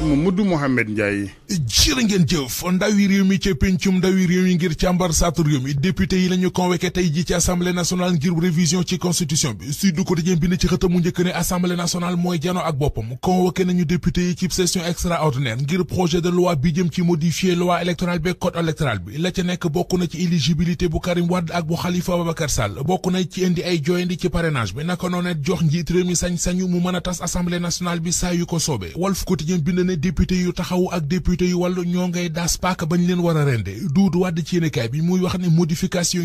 Mamadou Mouhamed Ndiaye jërë ngeen jëf ndawi réew mi ca pencum ndawi réew yi ngir càmbar saatu réew mi député yi la ñu convoqué tey ji ci assemblée nationale ngir révision ci constitution bi Sud Quotidien bind ci xëtamu njëkk ne assemblée nationale mooy jano ak boppam convoqué nañu député yi ci session extraordinaire ngir projet de loi bi jëm ci modifier loi électorale bi code électoral bi la ca nekk bokk na ci éligibilité bu Karim Wade ak bu Khalifa Ababacar na bi ne député yu taxaw ak député yu wàllu ñoo ngay daas paaka bañ leen war a rende duudu wàdd ci yéenekaay bi muy wax ne modification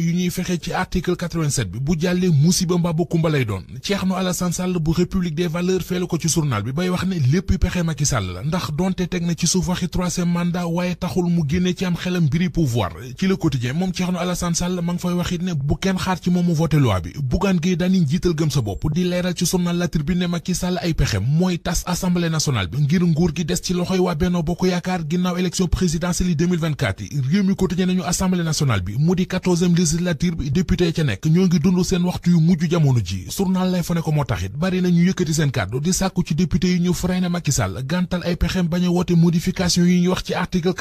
yu bay wax ne lépp pexe Macky Sall la ndax donte teg na ci suuf waxi mandat waaye taxul mu génne ci am xelam mbiri pouvoir ci le quotidien moom Thierno Alassane Sall ma ngi fay wax ne bu kenn xaar ci moom mu voté loi bi Bougane Gueye Dany njiital gëm sa bopp di leeral ci journal La Tribune ne Macky Sall ay pexe mooy tas assemblée nationale bi ngir nguur gi des ci loxoy waa Benno Bokk Yaakaar ginnaaw élection présidentielle yi 2024 yi réew mi quotidien nañu assemblée nationale bi mu di quatorzième législature bi député ca nekk ñoo ngi dund seen waxtu yu mujj jamono ji journal lay fa ne ko moo taxit bari na ñu yëkkati seen kàddu di sàkku ci député yi ñu freiné Macky Sall gàntal ay pexem bañ woote modification yi ñu wax ci article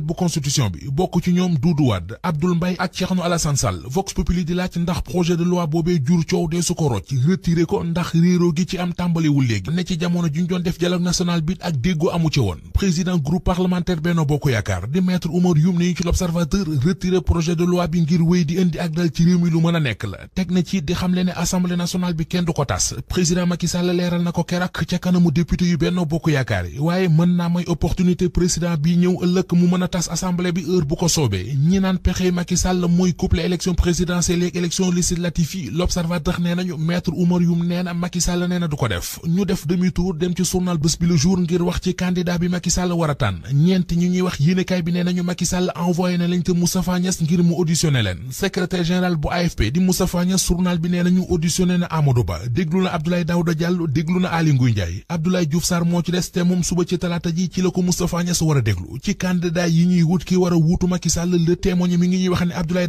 bu constitution bi bokk ci ñoom Doudou Wade Abdoul ak de loi ci am tàmbaliwul léegi ne amu ci woon président groupe parlementaire Benno Bokk Yaakaar di maître Oumar Youm ne ñu ci l'observateur retiré projet de loi bi ngir wéy di indi ak dal ci réew mi lu mën a nekk la teg na ci di xamle ne assemblée nationale bi kenn du ko tas président Macky Sall leeral na ko kerak ca kanamu député yu Benno Bokk Yaakaar yi waaye mën naa may opportunité président bi ñëw ëllëg mu mën a tas assemblée bi heure bu ko soobee ñi naan pexe Macky Sall mooy couplé élection présidentielle ak élection législative yi l'observateur nee nañu maître Oumar Youm nee na Macky Sall nee na du ko def ñu def demi tour dem ci journal bés bi le jour ngir wax ci kan candidat bi Macky Sall war a tànn ñeent ñu ñuy wax yéenekaay bi nee nañu Macky Sall envoyé na lañ te Moustapha ngir mu auditionné leen secrétaire général bu AFP di Moustapha Niass bi nee nañu auditionné na Amadou Ba déglu na Abdoulaye Daouda Diallo déglu na Aly Ngouille Ndiaye Abdoulaye Diouf moo ci des te moom suba ci talaata ji ci la ko Moustapha Niass a déglu ci candidat yi ñuy wut ki war wuutu Macky Sall le témoigne mi ngi ñuy wax ne Abdoulaye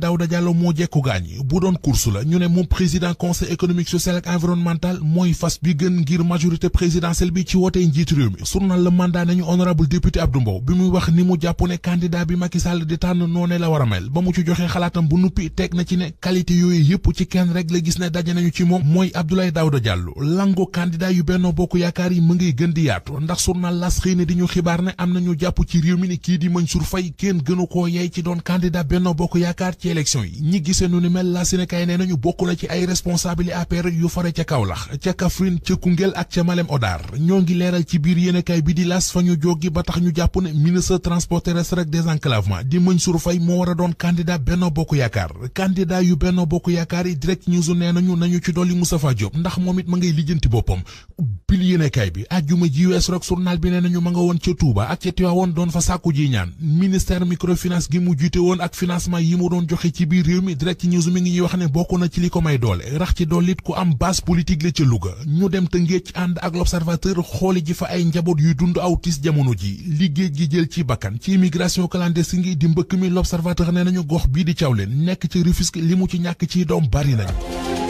mandat nañu honorable député Abdou Mbow bi muy wax ni mu jàpp ne candidat bi Macky Sall di la war a joxe xalaatam bu nuppi teg na ci ne qualité yooyu yëpp ci kenn rek la gis ne daje nañu ci moom mooy Abdoulaye Daouda Diallo lango candidat yu Benno Bokk Yaakaar yi mu ngiy gën di yaatu ndax journal L'As xëy na di ñu xibaar ne am na ñu jàpp ci réew mi ni kii di Mansour Faye kenn gënu koo yey ci doon candidat Benno Bokk Yaakaar ci élection yi ñi gisee nu ni mel la Sénégal nee nañu bokk na ci ay responsable APR yu fare ca Kaolack ca Kaffrine ca Koungheul ak ca Malem Odar ñoo ngi leeral ci biir yéenekaay bi di L'As as fa ñu jógi ba tax ñu jàpp ne ministre transport terrestre ak désenclavement di Mansour Faye moo war a doon candidat Benno Bokk Yaakaar candidat yu Benno Bokk Yaakaar yi direct news nee nañu nañu ci dolli Moustapha Diop ndax moom it ma ngay lijjanti boppam Populi yéenekaay bi ajjuma ji wees rek journal bi nee nañu ma nga woon ca Touba ak ca Tiwaawoon doon fa sàkku ji ñaan ministère microfinance gi mu jiite woon ak financement yi mu doon joxe ci biir réew mi direct news mi ngi ñuy wax ne bokk ci li ko may doole rax ci dollit ku am base politique la ca Louga ñu dem te ngéej ànd ak l'observateur xooli ji fa ay njaboot yuy dund aw tis jamono ji liggéey gi jël ci bakkan ci immigration clandestine gi di mbëkk mi l'observateur nee nañu gox bii di Thiawlène nekk ci Rufisque li mu ci ñàkk ciy doom bari nañu